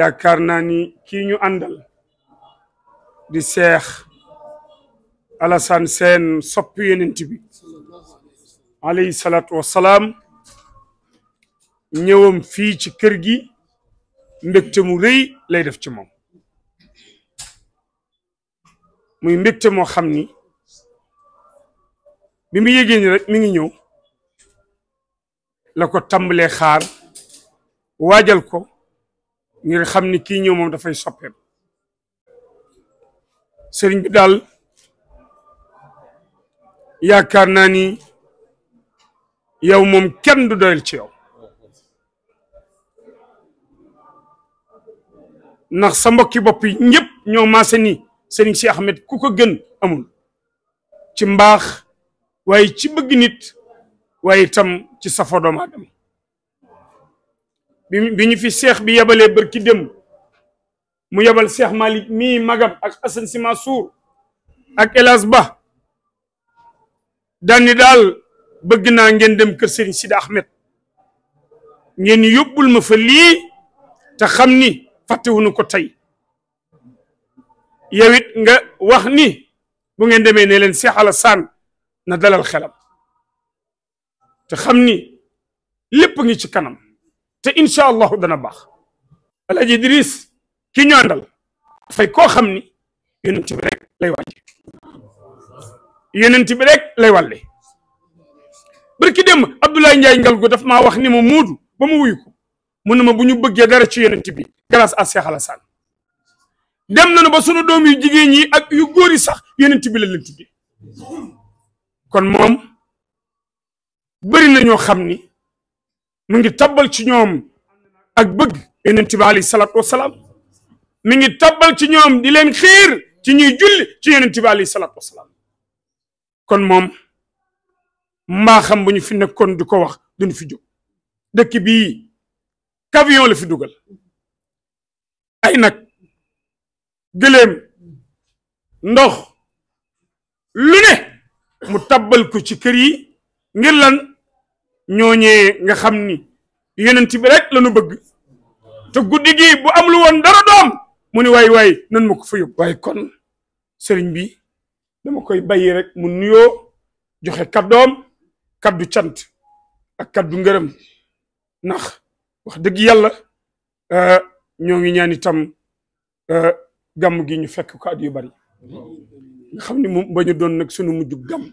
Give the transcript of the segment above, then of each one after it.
yaakaar naa ni kii ñu àndal di seex Alassane Sène sopp yenent bi alayhi salaatu wassalaam ñëwam fii ci kër gi mbégte mu rëy lay def ci moom muy mbégte moo xam ni bi mu yégée ni rek mi ngi ñëw la ko tàmbalee xaar waajal ko ngir xam ni kii ñëw moom dafay soppeem sëriñ bi daal yaakaar naa ni yow moom kenn du doyal ci yow ndax sa mbokki bopp yi ñëpp ñoo maase ni sëriñ ku ko gën amul ci mbaax waaye ci bëgg nit waaye itam ci safo doomu aadama bi ñu fi seex bi yebalee bërki dem mu yebal seex Malick mii magam ak Assane Sy Mansour ak Elas Ba daani daal bëgg naa ngeen dem kër Serigne ngeen yóbbul ma fa lii te xam ni fàttewuñu ko tey yow it nga wax ni bu ngeen demee ne leen Seex Alasaan na dalal xelam te xam ni lépp ngi ci kanam te incha allahu dana baax alaaji Idris ki ñu àndal dafay koo xam ni yonent bi rek lay wàlle yonent bi rek lay wàlle barki dem Abdoulaye Ndiaye ngalgu daf ma wax ni ma muudu ba mu wuy ko mu ne ma bu ñu bëggee dara ci yonent bi grâce à Cheikh Alassane dem nañu ba sunu doom yu jigéen ñi ak yu góor yi sax yonent bi la leen tuddee kon moom bari na ñoo xam ni mi ngi tabbal ci ñoom ak bëgg yonent bi alayhi salaatu mi ngi tabbal ci ñoom di leen xiir ci ñuy julli ci yonent bi alayhi salaatu kon moom mbaaxam bu ñu fi nekkoon di ko wax duñ fi jóg dëkk bi camion la fi dugal ay nag gëléem ndox lu ne mu tabbal ko ci kër yi ngir lan ñooñee nga xam ni yonent bi rek lanu bëgg te guddi gi bu am lu woon dara doom mu ni waay waay nan ma ko fa yóbbu waaye kon sëriñ bi dama koy bàyyi rek mun nuyoo joxe kaddoom kaddu cant ak kaddu ngërëm ndax wax dëgg yàlla euh, ñoo ngi ñaan itam euh, gàmm gi ñu fekk ko at yu bari nga xam ni moom ba doon nag sunu mujj gàmm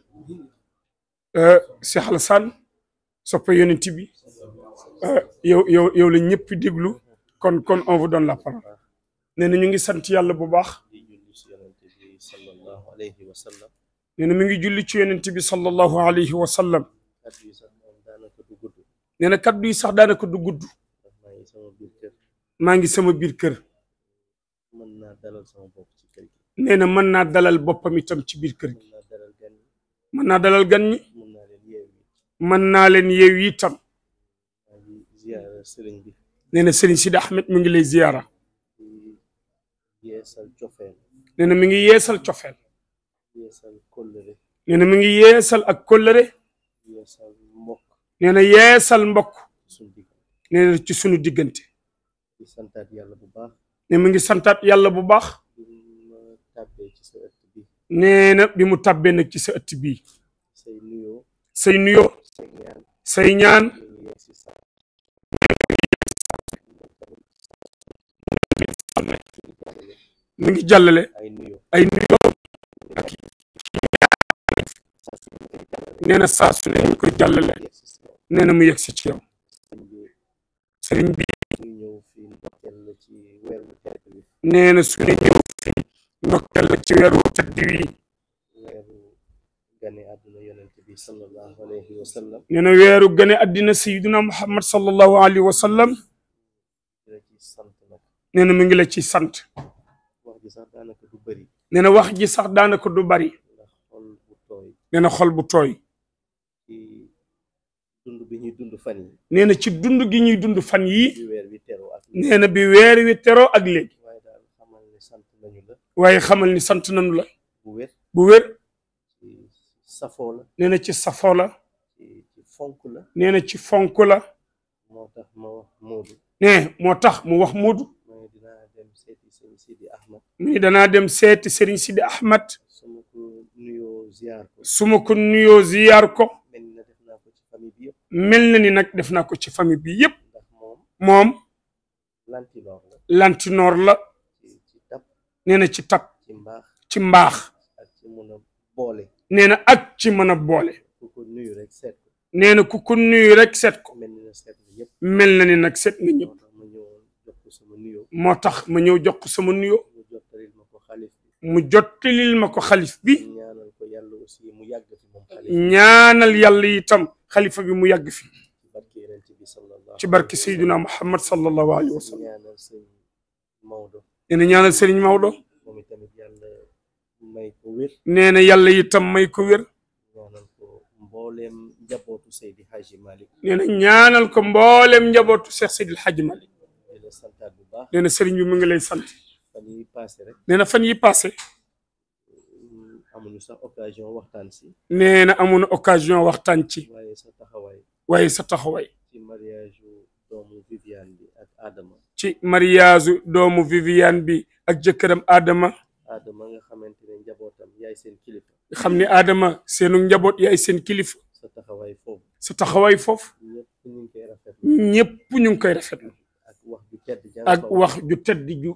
euh, Cheikh Alassane soppe yonent bi euh, yow yow yow la ñëpp déglu kon kon on vous la parole nee na ñu ngi sant yàlla bu baax nee na mi ngi julli ci yonent bi sallallahu alayhi wa sallam nee na kaddu yi sax daanaka du gudd maa ngi sama biir kër nee na mën naa dalal boppam itam ci biir kër gi mën naa dalal gan ñi mën naa leen yeew itam nee na si Sidi Ahmed mi ngi lay ziyaara nee na mi ngi yeesal cofeel nee na mi ngi yeesal ak kóllëre nee na yeesal mbokk nee na ci sunu diggante ne mi ngi santaat yàlla bu baax nee na bi mu tàbbee nag ci sa ëtt bii say nuyoo say ñaan mi ngi jàllale ay nuyoo ak saa su ñu koy jàllale nee mu yegg si ci yow sëriñ bi nee na ñëw fi ndokkeel la ci weeru tedd wi gane àdduna yonent bi sallallahu alayhi wa sallam nee na weeru gane àddina sayyiduna Muhammad sallallahu alayhi wa sallam nee na mi ngi la ci sant wax ji sax daanaka du bari nee na wax ji sax daanaka du bari nee na xol bu tooy dund bi ñuy dund fan yi ci dund gi ñuy dund fan yi nee na bi weer wi ak léegi waaye xamal ni sant nañu la waaye xamal bu wér bu wér safoo la nee ci safoo la. ci fonk la. nee na ci fonk la. moo tax ma wax Moodu. nee moo tax mu wax Moodu. mais danaa dem seeti Serigne Sidi Ahmad. mais danaa dem seeti Serigne Sidi Ahmad. su ma ko nuyoo ziar ko. su ma ko nuyoo mel def naa ko ci famille na ni nag def naa ko ci famille bi yëpp. moom moom. lantinoor la. lantinoor na ci tab. ci mbaax ak ci nee na ak ci mën a boole nee na ku ko nuyu rek set ko mel na ni nag set nga ñëpp moo tax ma ñëw jox ko sama nuyoo mu jottalil ma ko xalif bi ñaanal yàlla yitam xalifa bi mu yàgg fi ci barke Seydina Muhammad sallallahu alayhi wa sallam nee na ñaanal Serigne Maodo ko wér nee na yàlla itam may ko wér ñaanal ko mbooleem njabootu Seydi Hadji Malick nee ñaanal ko mbooleem njabootu Cheikh Seydi Hadji Malick nee na santaat bu baax sëriñ mu ngi lay sant fan yi nee na fan yi passé amuñu sax occasion waxtaan si nee na amuñu occasion waxtaan ci waaye sa taxawaay waaye sa taxawaay ci mariage doomu Viviane bi ak Adama Adama xam ne Adama seenu njaboot yaay seen kilifa. sa taxawaay foofu. sa taxawaay foofu. ñëpp ñu ngi koy rafetlu. ak wax ju tedd wax ju tedd ju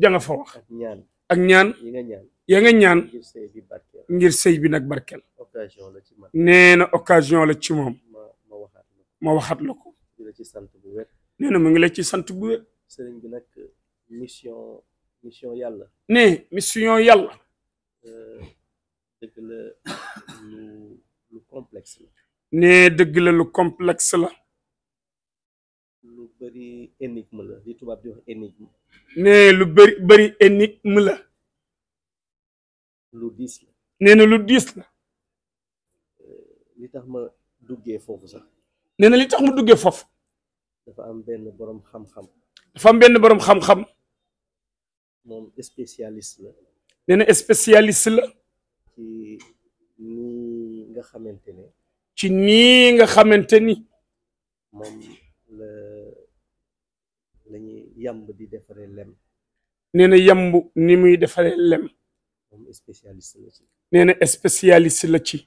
janga fa wax. ak ñaan ak ñaan. ya nga ñaan. ngir sëy bi nag barkeel. nee na occasion la ci moom. ma waxaat la ko. nee na mu ngi la ci sant bu wér. bi nag mission nee mission yàlla. ne dëgg la lu complex la. lu bëri énigme la li tubaab di wax énigme. ne lu bëri bëri énigme la. lu diis la. nee na lu diis la. Eh, li tax ma duggee foofu sax. nee na li tax mu duggee foofu. dafa am benn borom xam-xam. dafa am benn boroom xam-xam. moom spécialiste la. nee na la. ci ni nga xamante ne. ci nii nga xamante ni moom la lañuy yamb di defaree lem nee na yamb ni muy defaree lem moom spécialiste la ci la ci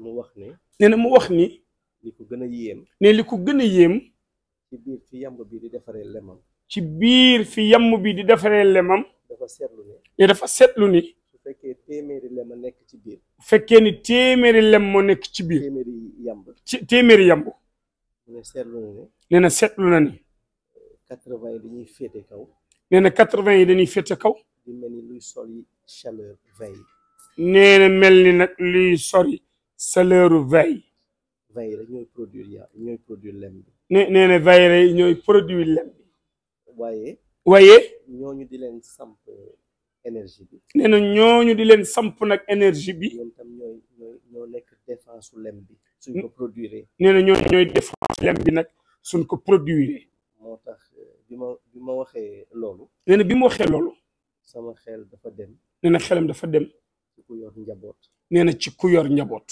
mu wax ne nee mu wax ni li ko gën a yéem ne li ko gën a yéem ci biir fi yamb bi di defaree lemam ci biir fi yamb bi di defaree lemam ne dafa seetlu ni fekkee téeméeri lem a nekk ci biir. fekkee ni téeméeri lem moo nekk ci biir. téeméeri yamb. téeméeri yamb. nee na seetlu na ni. nee na seetlu na ni. quatre vingt yi dañuy féete kaw. nee na quatre vingt yi dañuy féete kaw. di mel ni luy sori chaleur veille. nee na mel ni nag luy sori chaleur veille. veille rek ñooy produire ya ñooy produire lem bi. nee nee na veille rek ñooy produire lem bi. waaye. waaye. ñooñu di leen samp. énergie bi nee na ñooñu di leen samp nag énergie bi ñoom ñoo nekk défense su lem bi suñ ko mm. produire nee na ñooñu ñooy défense lem bi nag suñ ko produire moo tax eh, bi ma bi ma waxee loolu nee bi mu waxee loolu sama xel dafa dem nee na xelam dafa dem ci ku njaboot nee na ci ku yor njaboot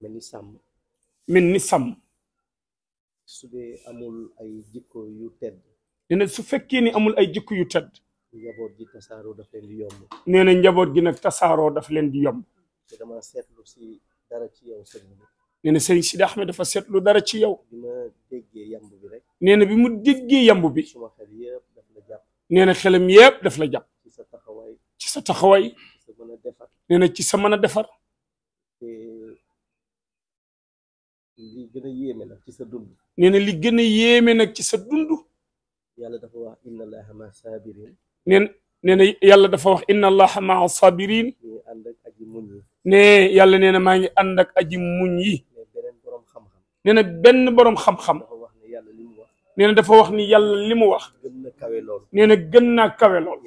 mel ni sàmm mel ni sàmm su dee amul ay jikko yu tedd nee su fekkee ni amul ay jikko yu tedd njaboot gi tasaaroo daf leen nee na njaboot gi nag tasaaroo daf leen di yomb. te dama seetlu si dara ci yow dafa seetlu dara ci yow. bi ma bi rek. nee na bi mu déggee yamb bi. suma xel yëpp daf la jàpp. nee na xelam yëpp daf la jàpp. ci sa taxawaay. ci sa taxawaay. ci sa mën a defar. nee na ci sa defar. li gën a yéeme nag ci sa dund. nee na li gën yéeme nag ci sa dund. yàlla dafa wax inna neen na yàlla dafa wax inna allaha maa sabirin ne yàlla nee na maa ngi ànd ak aji muñ yi nee na benn borom xam-xam nee na dafa wax ni yàlla li mu wax nee na gën naa kawe lool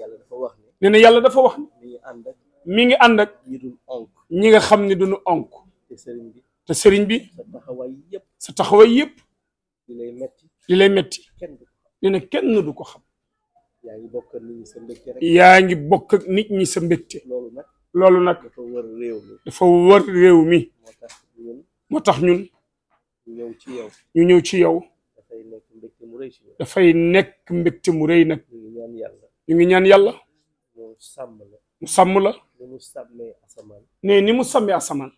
nee na yàlla dafa wax mii ngi ànd ak ñi nga xam ne duñu onk te sëriñ bi sa taxawaay yëpp li lay metti nee na kenn du ko xam yaa ngi bokk nit ñi sa mbégte rek. bokk ak nit ñi sa mbégte. loolu nag loolu nag. dafa wër réew mi. réew mi. moo tax ñun. ñu ñëw ci yow. ñu ñëw ci yow. dafay nekk mbégte mu rëy nekk mbégte mu rëy nag. ñu ngi ñaan yàlla. ñu mu sàmm la. mu sàmm la. ni ne ni mu sàmmee asamaan.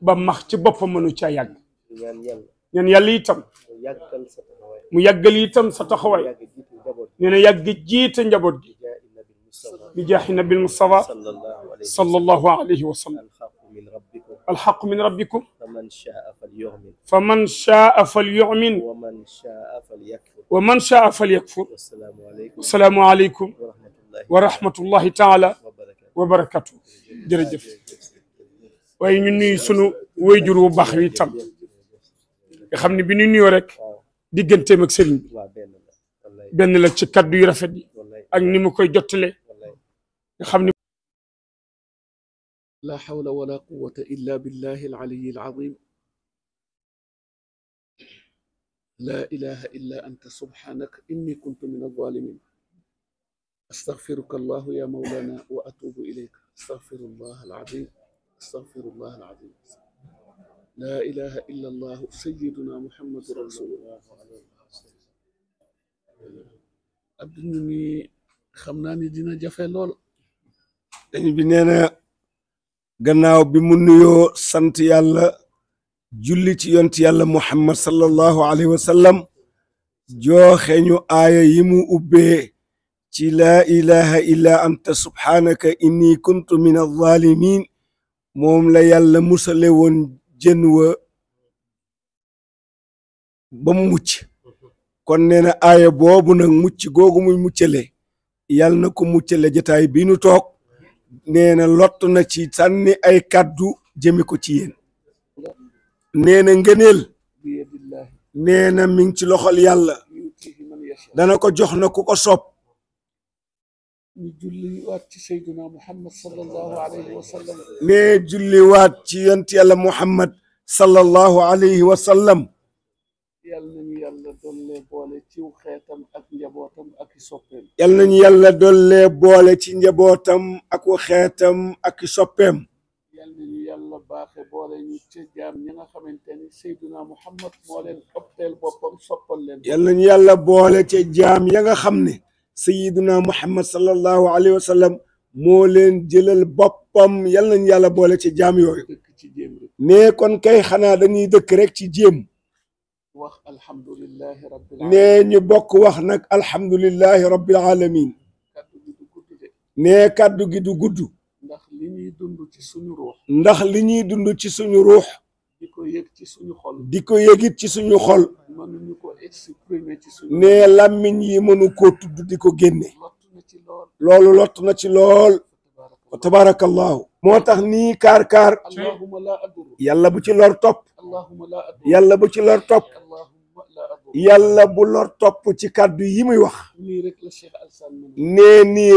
ba max ci boppam mënu ca yàgg. ñaan yàlla. ñaan mu yàggal sa sa taxawaay. nee na yàgg jiite njaboot gi bi jaaxi nabil mustafa sallallahu alayhi wa sallam alxaqu min rabbikum fa man chaa falyumin wa man chaa falyakfur wasalaamu aleykum wa rahmatullahi taala wa barakatu jërëjëf waaye ñu nuyu sunu wayjur bu baax wi tam nga xam ne bi ñu nuyoo rek digganteem ak sëriñ bi benn la ci kaddu yu rafet yi ak ni mu koy jottale nga xam ni la hawla wala quwwata illa billahi al-aliyyi al-azim la ilaha illa anta subhanaka inni kuntu min adh-dhalimin astaghfiruka allahu ya mawlana wa atubu ilayka astaghfirullah al-azim astaghfirullah al-azim la ilaha illa allah sayyiduna muhammadu rasulullah adduna mi xam naa ni dina jafe lool dañ bi nee na gannaaw bi mu nuyoo sant yàlla julli ci yont yàlla muhammad sallallahu alayhi wa sallam jooxe ñu yi mu ubbee ci laa ilaha illa anta subhanaka inni kuntu min alzalimin moom la yàlla musale woon jën wa ba kon nee na aaya boobu nag mucc googu muy muccale yàlla na ko muccele jataay bi nu toog nee na lott na ci sànni ay kàddu jëme ko ci yéen nee na ngëneel nee mi ngi ci loxol yàlla dana ko jox na ku ko sopp ñu julli waat ci sayduna muhammad sallallahu ci yonent yàlla muhammad sallallahu alayhi wa sallam yal nañu yàlla dollee boole ci xeetam ak njabootam ak soppeem. yal nañu yàlla dolle boole ci njabootam ak xeetam ak soppeem. yal nañu yàlla baaxe boole ñu ci nga xamante ni Seydina Muhammad moo leen opteel boppam nañu yàlla boole ci jaam ya nga xam ne Seydina Muhammad sallallahu alayhi wa sallam moo leen jëlal boppam yal nañu yàlla boole ci jaam yooyu. nee kon kay xanaa dañuy dëkk rek ci jéem. wax alhamdulilah rabbil alamin nee ñu bokk wax nag alhamdulilah rabbil alamin nee kàddu gi du gudd. ndax li ñuy dund ci suñu ruux. ndax li ñuy dund ci suñu ruux. di ko yëg ci suñu xol. di ko yëgit ci suñu xol. nee làmmiñ yi mënu koo tudd di ko génne. loolu lott na ci lool. wa tabarakallahu moo tax nii kaar kaar. yàlla bu ci lor topp. yàlla bu ci lor topp. yàlla bu lor topp ci kàddu yi muy wax nii rek la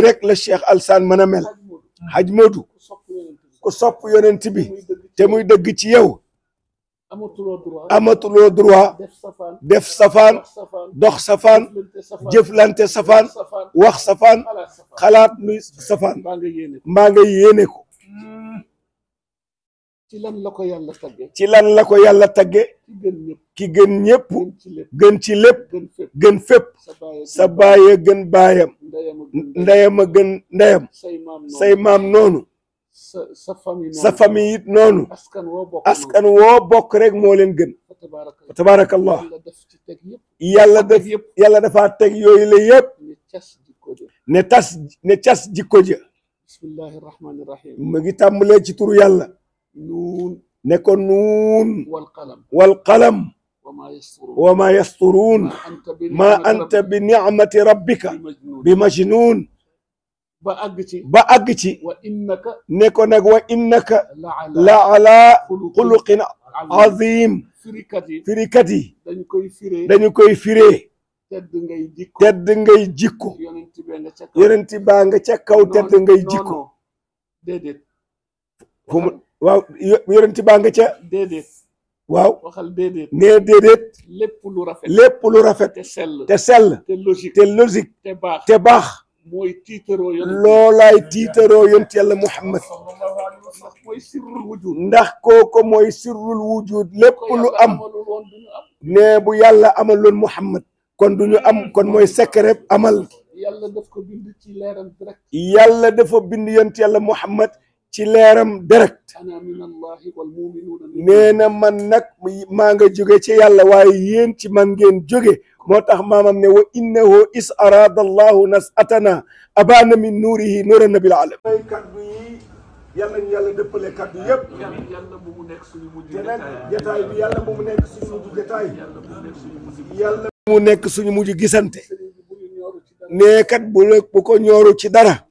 rek la Cheikh Alassane mën a mel Haj Modou ku sopp yonent bi te muy dëgg ci yow amatuloo droit def safaan dox safaan jëflante safaan wax safaan xalaat luy safaan mbaa nga ko ci lan la ko yàlla tagge ci lan la ko yàlla tagge ki gën ñëpp gën ci lépp gën fépp sa baay gën baayam ndeyam a gën ndeyam say maam noonu sa fami it noonu askan woo bokk rek moo leen gën fa tabaarakallah yàlla def yàlla dafaa teg yooyu la yëpp ne tas ne cas jikko ja mu ngi tàmbalee ci turu yàlla ne ko nuun wal qalam wa ma yasturuun ma anta bi nicmati rabbika bi majnuun ba àgg ci ba ne ko nag wa innaka la ala xuluqin azim firikat yi dañu koy firee tedd ngay jikko yonenti baa nga ca kaw tedd ngay jikko waaw yonent baa nga ca. déedéet. waaw waxal nee déedéet. lépp lu rafet. lu rafet. te sell te sell. te baax te baax. mooy tiitaroo yonent. loolaay tiitaroo yonent yàlla Muhammad. ndax mooy sirrul wujud. ndax kooku mooy sirrul wujud lépp lu am. nee bu yàlla amaloon Muhammad. kon du am kon mooy secret amal. yàlla daf ko bind ci leeram yàlla dafa bind yonent yàlla Muhammad. ci leeram direct nee man nag maa nga jóge ci yàlla waaye yéen ci man ngeen jóge moo tax maamam ne wa innahu is arada allahu nasatana min nuurihi nuuran nabil alam yi yàlla ñu mu nekk suñu mujj jotaay bi bu nekk gisante nee kat bu bu ko ñooru ci dara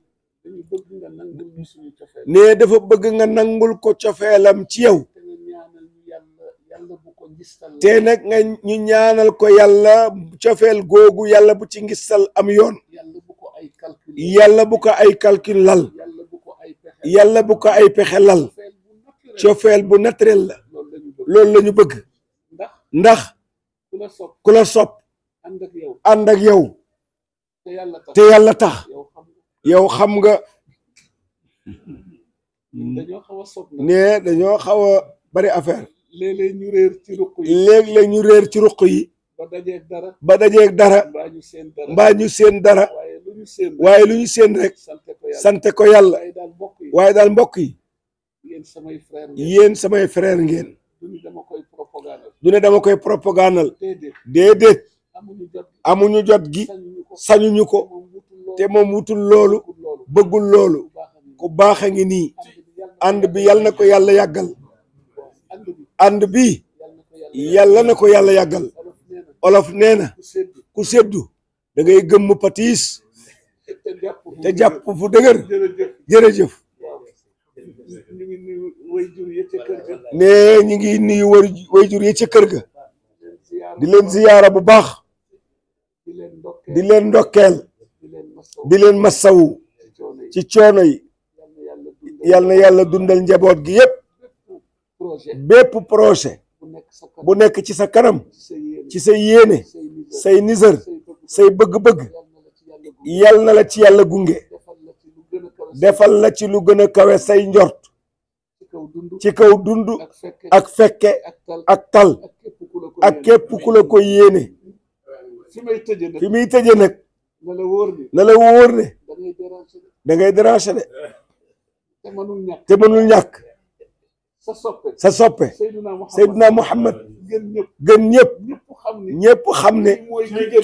ne dafa bëgg nga nangul ko cofeelam ci yow te nag nga ñu ñaanal ko yàlla cofeel googu yàlla bu ci ngistal am yoon yàlla bu ko ay calcul lal yàlla bu ko ay pexe lal cofeel bu naturel la loolu la ñu bëgg ndax ku la sopp ànd ak yow te yàlla tax yow xam nga dañoo xaw a sob ne dañoo xaw a bari affaire léeg-léeg ñu réer ci ruq yi léeg ba dajeeg dara ba dajeeg dara mbaa ñu seen dara mbaa ñu seen dara waaye lu ñu seen rek sante ko yàlla waaye daal mbokk yi yéen samay freer ngeen du ne dama koy propagandal du ne dama koy propagandal déedéet jot gi sañuñu ko te moom wutul loolu bëggul loolu ku baax a ngi nii ànd bi yàlla na ko yàlla yàggal ànd bi yàlla na ko yàlla yàggal olof nee na ku seddu da ngay gëmm patiis te jàpp fu dëgër jërëjëf ne ñu ngi nuyu wayjur yi ca kër ga di leen bu baax di leen di leen masawu ci coono yi yal na yàlla dundal njaboot gi yépp bépp projet bu nekk ci sa kanam ci say yéene say nisër say bëgg-bëgg yal na la ci yàlla gunge defal la ci lu gën a kawe say njort ci kaw dund ak fekke ak tal ak képp ku la ko yéene fi muy tëje nag na la wóor ne na la ngay déranger de te mënul ñàkk te mënul ñàkk sa soppe sa soppe Seydina Muhammad gën ñëpp ñëpp xam ne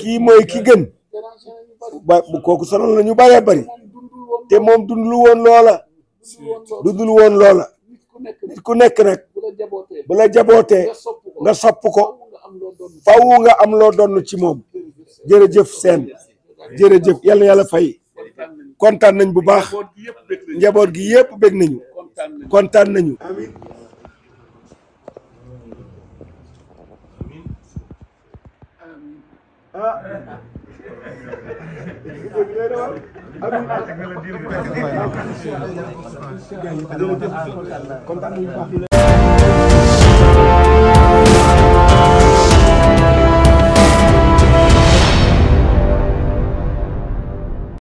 kii mooy ki gën ba kooku sonal na ñu bëree bëri te moom dundul woon loola dundul woon loola nit ku nekk nag bu la jabootee nga sopp ko faw nga am lool doon ci moom jërëjëf seen jërëjëf yàlla yàlla fay kontaan nañ bu baax njaboot gi yëpp bég nañu kontaan kontaan nañu